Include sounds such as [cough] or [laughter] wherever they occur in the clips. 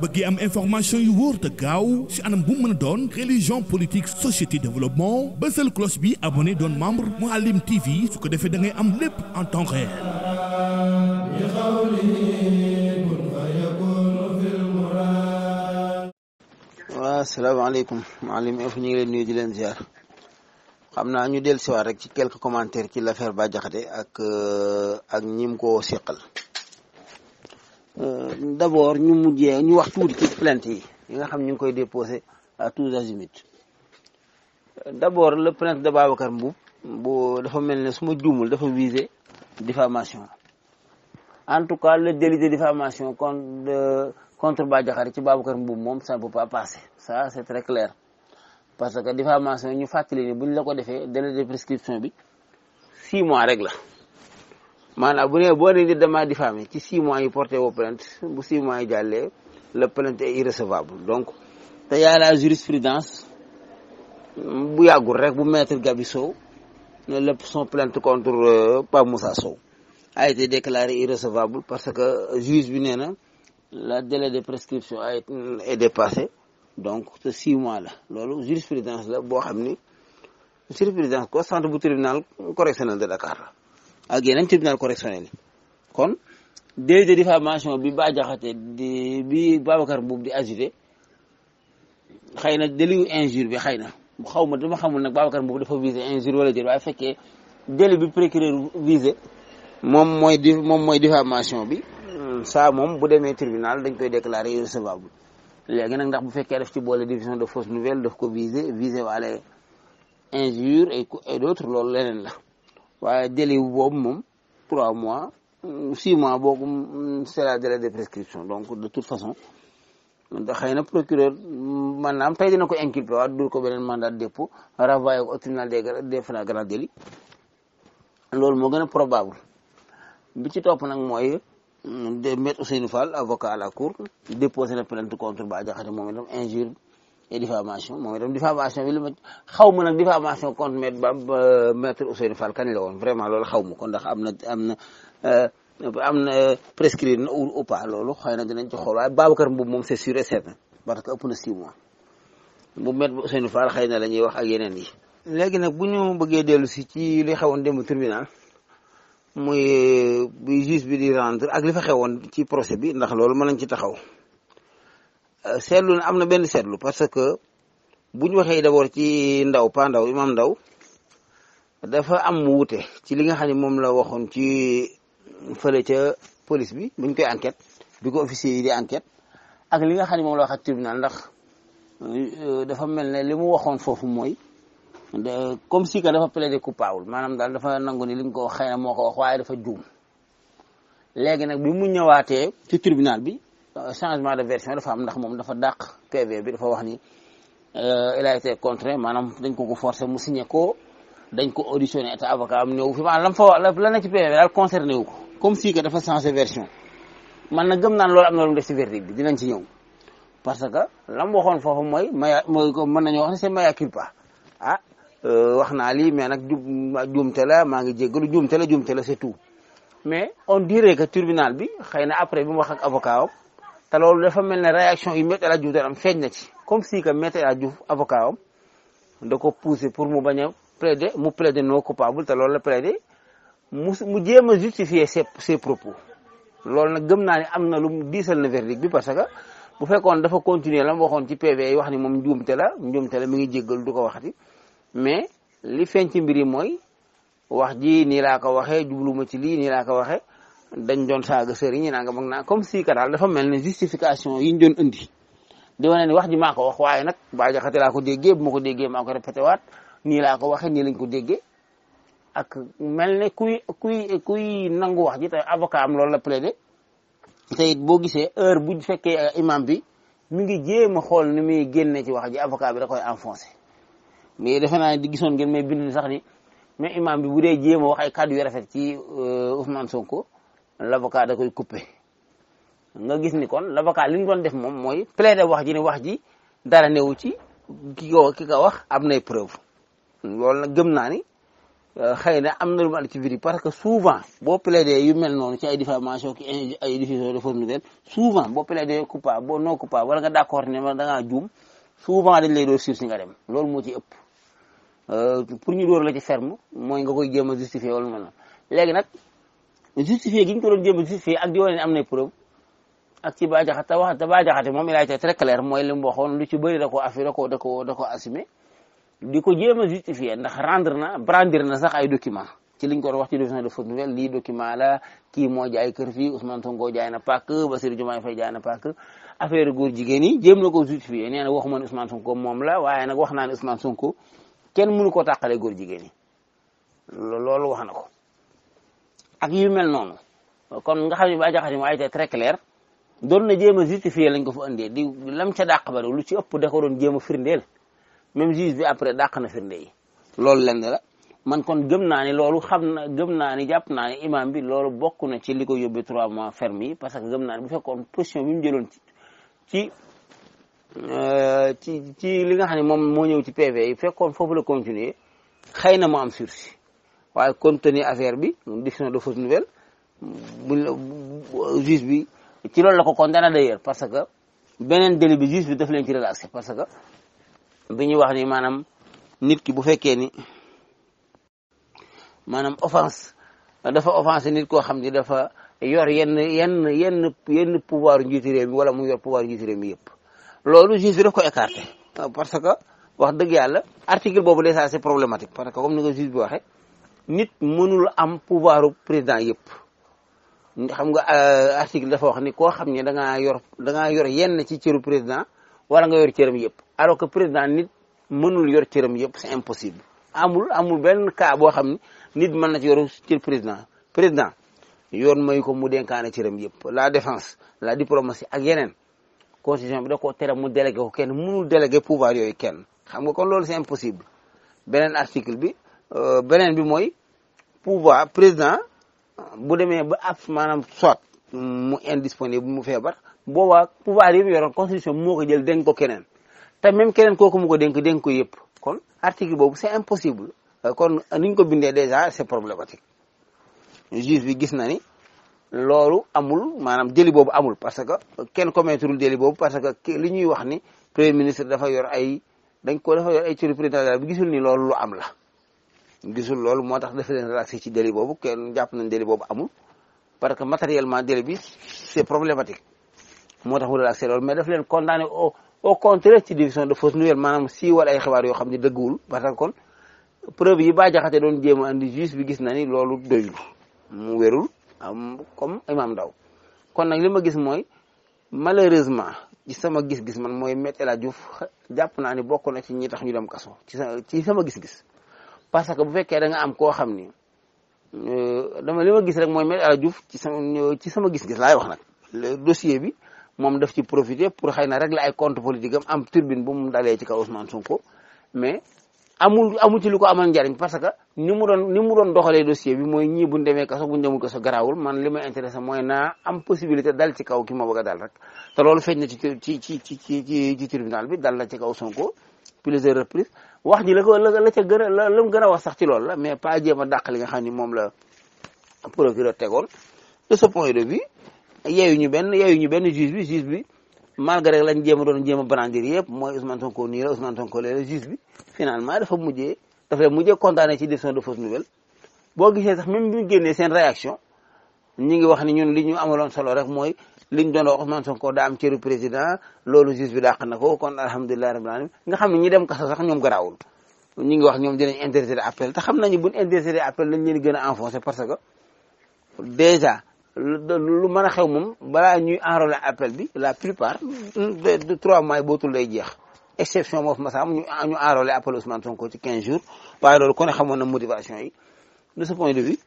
bëggee am information yu wóor te gaaw ci anam bu mën a doon religion politique société développement bësal cloche bi abonné doon membre Mouhalim TV su ko defee da ngay am lépp en temps réel. waaw asalaamaaleykum Mouhalim Info ñu ngi leen nuyu di leen ziar. xam naa ñu del siwaat rek ci quelques commentaires ci l'affaire Bah Diakhaté ak euh, ak ñim ko seqal euh, d'abord ñu mujjee ñu wax tuuti ci plainte yi yi nga xam ñu ngi koy déposé à tous azimuts d'abord le plainte de Babacar Mboup bu dafa mel ne su jumul juumul dafa visé diffamation en tout cas le délit de diffamation contre euh, contre Bah Diakhaté ci Babacar Mboup moom ça ne peut pas passer ça c'est très clair parce que diffamation ñu fàttali ni buñ la ko defee délai de prescription bi six mois rek la maanaam bu nee boo nee nit damaa diffamé ci six mois yi porté woo plainte bu six mois yi jàllee la plainte est irrecevable donc te yaa la jurisprudence bu yàggul rek bu maître Gabi Sow ne lépp son plainte pa euh, Pape Moussa Sow a été déclaré irrecevable parce que juge bi nee na la délai de prescription a été est dépassé donc te six mois la loolu jurisprudence la boo xam ni jurisprudence ko centre bu tribunal correctionnel de Dakar la ak yeneen tribunal correctionnel yi kon délit de diffamation bi Bah Diakhaté di bi Babacar Mboup di agité xëy na délit injure bi xëy na xaw ma dama xamul nag Babacar Mboup dafa visé injure wala déet waaye fekkee délit bi procureur visé moom mooy di moom mooy diffamation bi saa hmm, moom bu demee tribunal dañ koy déclarer irrecevable léegi nag ndax bu fekkee def ci boole diffusion de fausses nouvelles daf ko viser viser waale injure et et d'autres loolu la waaye délai boobu moom trois mois six mois boobu c'est la délai de prescription donc de toute façon da xëy na procureur maanaam tey dina ko inculper waa dul ko beneen mandat de dépôt renvoyé ko au tribunal des des loolu moo gën a probable bi ci nag mooy de maître Ousseynou Fall avocat à la cour déposé na plainte contre Bah Diakhaté moom itam injure et moom itam diffamation bi ma xaw ma nag diffamation contre maître ba maître Ousseynou Fall kan la woon vraiment loolu xaw ma kon ndax am na moom c'est sûr certain parce que ëpp na six mois bu maître Ousseynou Fall xëy na la wax ak yeneen yi léegi nag bu ñu bëggee dellu ci li xewoon démb tribunal muy bi juge bi di rendre ak li fa xewoon ci procès bi ndax loolu mën nañ ci taxaw euh, seetlu na am na benn seetlu parce que bu ñu waxee d'abord ci ndaw pa ndaw imam ndaw dafa am wuute ci li nga xam ne moom la waxoon ci fële ca police bi buñ koy enquête bi ko officier yi di enquête ak li nga xam ne moom la wax ak tribunal ndax euh, dafa mel ne li mu waxoon foofu mooy comme si que dafa plaider coupable ko wax moo ko wax waaye dafa juum léegi nag bi mu ñëwaatee ci tribunal bi euh, changement de version dafa am ndax moom dafa dàq PV bi dafa wax ni euh, il a été maanaam dañ ko ko forcer mu signé ko dañ ko auditionné état avocat am ñëw fi maanaam la fa wax la na ci wu ko comme si dafa changé version man na gëm naan loolu am na lu def ci verdict bi nañ ci ñëw parce que la waxoon foofu mooy maya mooy ko mën nañoo wax ne c'est maya culpa ah Euh, wax naa lii mais nag juumte la maa ngi jéggalu juumte la juumte la c'est mais on dirait que tribunal bi xëy na après bi mu wax ak avocat am te loolu dafa mel ne réaction yu Maître El Hadji am feeñ na ci comme si que Maître El da ko poussé pour mu bañ a plaider mu plaider non coupable loolu la plaider mu mu jéem a justifier ses ses nag gëm naa ne am na lu mu diisal na verdict bi que bu fekkoon dafa continuer la mu waxoon ci PV wax ni moom njuumte la njuumte la mi ngi jéggalu du ko waxati mais li feeñ ci mbir yi mooy wax ji nii laa ko waxee jubluma ci lii nii laa ko waxee dañ doon saaga sëriñ yi nangam ak naa comme si ka daal dafa mel ne justification yi ñu doon indi di wane ni wax ji maa ko wax waaye nag Bah Diakhaté laa ko déggee bu ma ko déggee maa ko répété waat nii laa ko waxee nii lañ ko déggee ak mel kuy kuy kuy nangu wax ji te avocat am loolu la plaidé te it boo gisee heure bu fekkee imam bi mi ngi jéem a xool ni muy génnee ci wax ji avocat bi rek koy enfoncé mais defe naa di gisoon ngeen may bind ni sax ni mais imam bi bu dee jéem a wax ay kàddu yu rafet ci euh, Ousmane Sonko l'avocat da koy coupé nga gis ni kon l'avocat li mu doon def moom mooy plaider wax ji ne wax ji dara newu ci ki ko ki ko wax am na preuve loolu na gëm naa ni euh, xëy na am na lu mu ànd ci biir parce que souvent boo plaider yu mel noonu ci ay diffamation ki ay diffusion de fausses nouvelles souvent boo plaider coupable boo non coupable wala nga d'accord ne ma da ngaa juum souvent dañ lay doon sur nga dem loolu moo ci ëpp Euh, pour ñu dóor la ci ferme mooy nga koy jéem a justifier wala ma na léegi nag justifier gi ñu ko doon jéem a justifier ak di am nay preuve ak ci baajaxate wax te baajaxate moom il a été très mooy li mu waxoon ci bëri da koo koo da koo da ko jéem a ndax rendre na brandir na sax ay document ci liñ ko doon wax ci division de faute nouvelle document la kii moo jaay kër fii Ousmane Sonko jaay na pàkk Bassirou Diomaye Faye jaay na pàkk affaire góor jigéen yi na ko justifier nee na waxuma ne Ousmane Sonko moom la waaye nag wax naa ne Ousmane Sonko kenn mënu ko tàqale góor jigéen ñi loolu wax na ko ak yu mel noonu kon nga xam ne ba jaxati ma ay très clair doon na jéem a justifier lañ ko fa indee di lam ca dàq ba lu ci ëpp da ko doon jéem a firndeel même juge après dàq na firnde yi loolu lenn man kon gëm naa ne loolu xam na gëm naa ni jàpp naa ne imam bi loolu bokk na ci li ko yóbbee trois mois ferme yi parce que gëm naa ne bu fekkoon position bi mu jëloon ci Euh, ci ci li nga xam ne moom moo ñëw ci PV yi fekkoon foofu la continuer xëy na mu am sursis waaye compte affaire bi diffusion de fausse nouvelle buñ bi ci loolu la ko condamné d'ailleurs parce que beneen délit bi juge bi daf leen ci relaxé parce que bi ñuy wax ni maanaam nit ki bu fekkee ni maanaam offense dafa offensé nit koo xam ni dafa yor yenn yenn yenn yenn pouvoir njiitu réew mi wala mu yor pouvoir njiitu réew mi yëpp loolu juge bi daf ko écarté ah, parce que wax dëgg yàlla article boobu déjà c'est problématique parce que comme ni nga juge bi waxee nit mënul am pouvoir président yëpp xam nga euh, article dafa wax ni koo xam ne da ngaa yor da ngaa yor yenn ci cëru président wala nga yor cëram yëpp alors que président nit mënul yor cëram yëpp c'est impossible amul amul benn cas boo xam ni nit mën na ci yor cër président président yoon may ko mu dénkaane cëram yëpp la défense la diplomatie ak yeneen constitution bi da koo tere mu délégué ko kenn mënul délégué pouvoir yooyu kenn xam nga kon loolu c'est impossible beneen article bi euh, beneen bi mooy pouvoir président bu demee ba abs maanaam soit mu indisponible mu feebar boobaa pouvoir yi mu yoroon constitution bi moo ko jël dénk ko keneen te même keneen kooku mu ko dénk dénk ko yëpp kon article boobu c'est impossible kon nuñ ko bindee déjà c'est problématique juge bi gis na ni loolu amul maanaam délit boobu amul parce que kenn commettrul délit boobu parce que li ñuy wax ni premier ministre dafa yor ay dañ ko dafa yor ay cëri président de la bi gisul ni loolu lu am la gisul loolu moo tax dafa leen ci délit boobu kenn jàpp nañ délit boobu amul parce que matériellement délit bi c'est problématique moo tax mu relaxé mais daf leen condamné au au contraire ci division de fausse nouvelle maanaam siiwal ay xibaar yoo xam ne dëgguwul parce que kon preuve yi ba jaxate jéem a andi bi gis na ni loolu doyul mu wérul comme imam Ndaw kon nag li ma gis mooy malheureusement ci sama gis-gis man mooy Me El Hadji jàpp naa ni bokk na ci ñi tax ñu dem kaso ci ci sama gis-gis parce que bu fekkee danga nga am koo xam ni euh, dama li ma gis rek mooy Me El Hadji ci sama ci sama gis-gis laay wax nag dossier bi moom daf ci profiter pour xëy na rek la ay compte politique am am turbine bu mu dalee ci kaw Ousmane Sonko mais amul amu ci lu ko amal njariñ parce que ni mu doon ni mu doon doxalee dossier bi mooy ñii buñ demee kaso buñ demul kaso garaawul man li may intéressé mooy naa am possibilité dal ci kaw ki ma bëgg a dal rek te loolu feeñ na ci ci ci ci ci tribunal bi dal la ci kaw Sonko plusieurs reprises wax ji la ko la ca gën a la mu gën a wax sax ci lool la mais pas jéem a dàq li nga xam ni moom la procureur tegoon de ce point de vue yeeyu ñu benn yeeyu ñu benn bi malgré lañ jéem doon jéem a brandir yëpp mooy Ousmane Sonko nii la Ousmane Sonko lee la juge bi finalement dafa mujjee daf leen mujjee condamné ci diffusion de fausse nouvelle boo gisee sax même bi ñu seen réaction ñi ngi wax ni ñun li ñu amaloon solo rek mooy liñ doon wax Ousmane Sonko daa am cëru président loolu juge bi dàq na ko kon alhamdulilah rabbil alamin nga xam ne ñi dem kaso sax ñoom garaawul ñi ngi wax ñoom dinañ interjeté appel te xam nañu buñ interjeté appel lañ leen gën a enfoncé lu man a xew moom balaa ñuy enrôler appel bi la plupart de trois mois bootul lay jeex exception moo fi ma am ñu ñu enrôler appel Ousmane Sonko ci quinze jours waaye loolu kon xamoon na motivation yi de ce point de vue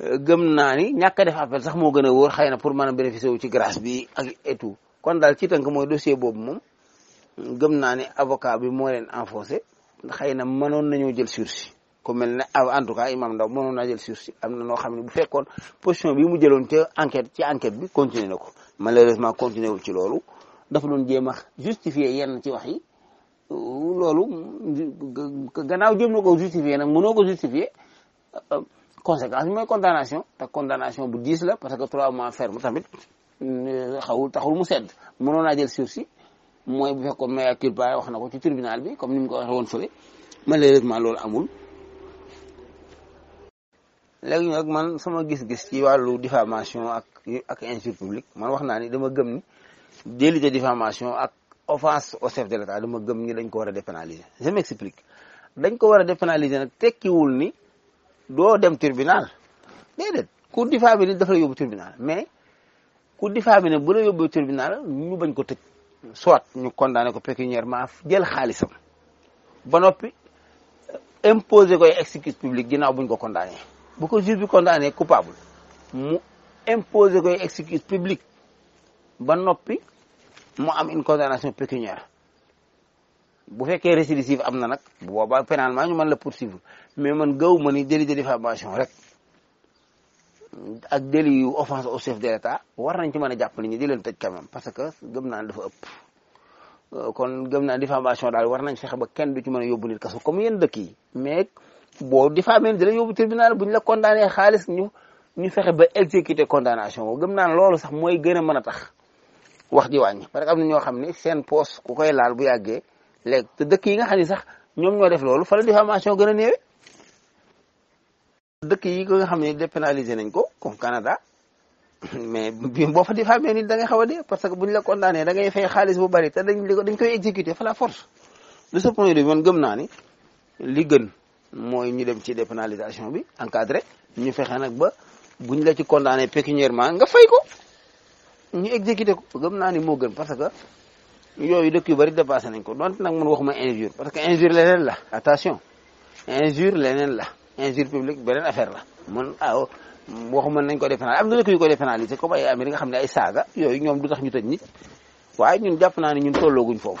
euh, gëm naa ni ñàkk a def appel sax moo gën a wóor xëy na pour mën a bénéficier wu ci grâce bi ak et kon daal ci tank mooy dossier boobu moom gëm naa ni avocat bi moo leen enfoncé xëy na manoon nañoo jël sursis ku mel ne ah, en tout cas imam Ndaw mënoon naa jël suuf si am na noo xam ne bu fekkoon position bi mu jëloon ca enquête ci enquête bi continué na ko malheureusement continué wul ci loolu dafa doon jéem a justifier yenn ci wax yi loolu gannaaw jëm na ko justifier nag mënoo ko justifier euh, conséquence bi mooy te condamnation bu diis la parce que trois mois ferme tamit euh, xawul taxul mu sedd mënoon naa jël suuf si mooy bu fekkoon mea na ko ci tribunal bi comme ni malheureusement loolu amul léegi nag man sama gis-gis ci wàllu diffamation ak ak injure publique man wax naa ni dama gëm ni délit de diffamation ak offense au chef de l'État dama gëm ni dañ ko war a dépénaliser je m'explique dañ ko war a dépénaliser nag tekkiwul ni doo dem tribunal déedéet ku diffamé ni dafa la yóbbu tribunal mais ku diffamé ne bu la yóbbu tribunal ñu bañ ko tëj soit ñu condamné ko pécuniairement jël xaalisam ba noppi imposer koy exécutif public ginnaaw buñ ko bu ko juge bi condamné coupable mu imposer koy excuse publique ba noppi mu am une condamnation pécuniaire bu fekkee récidive am na nag bu boobaa maa ñu mën la poursuivre mais man gaw ma ni délit de diffamation rek ak délit yu offense au chef de l'État war nañ ci mën a jàpp ni ñu di leen tëj quand parce que gëm naa dafa ëpp euh, kon gëm naa diffamation daal war nañ fexe ba kenn du ci mën a yóbbu nit kaso comme yéen dëkk yi boo diffamé dinañ yóbbu tribunal bu ñu la condamné xaalis ñu ñu fexe ba exécuter condamnation boobu gëm naa loolu sax mooy gën mën a tax wax ji wàññi parce que am na ñoo xam ne seen poos ku koy laal bu yàggee léegi te dëkk yi nga xam ne sax ñoom ñoo def loolu fa la diffamation gën a néewe dëkk yi nga xam ne dépénalisé nañ ko comme Canada [coughs] mais bi boo fa diffamé nit da xaw parce que buñ la condamné da ngay fay xaalis bu bari te dañ dañ koy exécuter fa la force de ce point man gëm naa ni li gën mooy ñu dem ci dépénalisation bi encadré ñu fexe nag ba buñ la ci condamné pécuniairement nga fay ko ñu exécuté ko gëm naa ni moo gën parce que yooyu dëkk yu bëri dépassé nañ ko donte nag man waxuma injure parce que injure leneen la attention injure leneen la injure publique beneen affaire la man ah waxuma nañ ko dépénaliser am na dëkk yu ko dépénalisé comme ay Amérique nga xam ne ay saaga yooyu ñoom du tax ñu tëj nit waaye ñun jàpp naa ne ñun tollooguñ foofu.